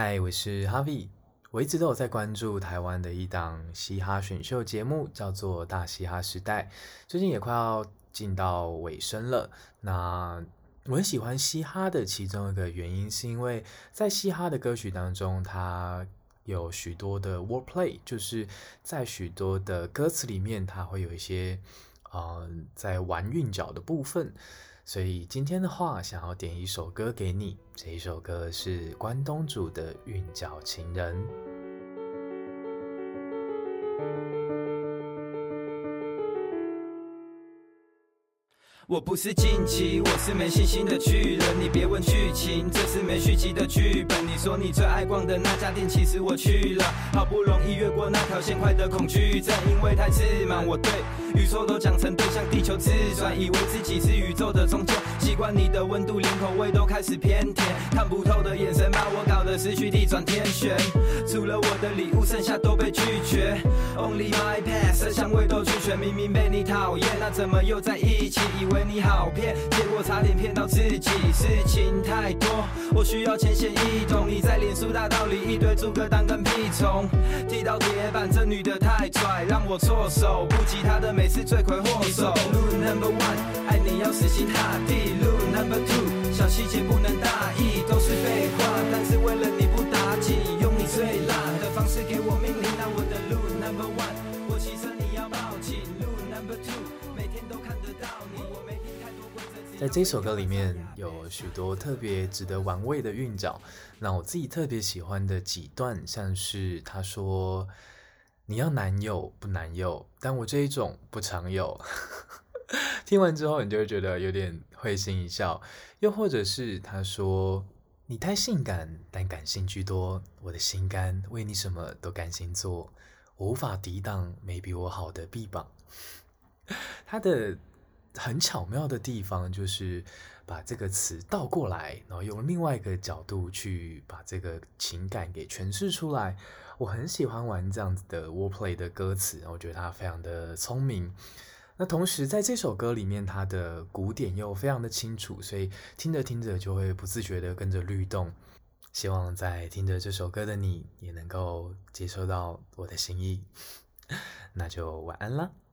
嗨，Hi, 我是 Harvie。我一直都有在關注台灣的一檔嘻哈選秀節目，叫做《大嘻哈時代》。最近也快要進到尾聲了。那我很喜歡嘻哈的其中一個原因，是因為在嘻哈的歌曲當中，它有許多的 wordplay，就是在許多的歌詞裡面，它會有一些，呃，在玩韻腳的部分。所以今天的話，想要點一首歌給你。這一首歌是關東煮的《韻腳情人》。我不是近期，我是沒信心的巨人。你別問劇情，這是沒續集的劇本。你說你最愛逛的那家店，其實我去了。好不容易越過那條線，快的恐懼症，因為太自滿。我對宇宙都講成對象，地球自轉，以為自己是宇宙的中心。習慣你的溫度，連口味都開始偏甜。看不透的眼神。失去地轉天旋，除了我的禮物，剩下都被拒絕。Only my past，色香味都俱全，明明被你討厭，那怎麼又在一起？以為你好騙，結果差點騙到自己。事情太多，我需要淺顯易懂。你在臉書大道理，一堆豬哥當跟屁蟲。踢到鐵板，這女的太拽，讓我措手不及。她的美是罪魁禍首。Rule number one，愛你要死心塌地。Rule number two，小細節不能大意。在這首歌裡面有許多特別值得玩味的韻腳，那我自己特別喜歡的幾段，像是他說，你要男友，不男友，但我這一種不常有。 聽完之後，你就會覺得有點會心一笑。又或者是他說，你太性感，但感性居多，我的心肝為你什麼都甘心做，我無法抵擋沒比我好的臂膀。 他的。很巧妙的地方就是把這個詞倒過來，然後用另外一個角度去把這個情感給詮釋出來。我很喜歡玩這樣子的 wordplay 的歌詞，我覺得它非常的聰明。那同時在這首歌裡面，它的鼓點又非常的清楚，所以聽着聽着就會不自覺的跟着律動。希望在聽着這首歌的你也能夠接收到我的心意，那就晚安啦。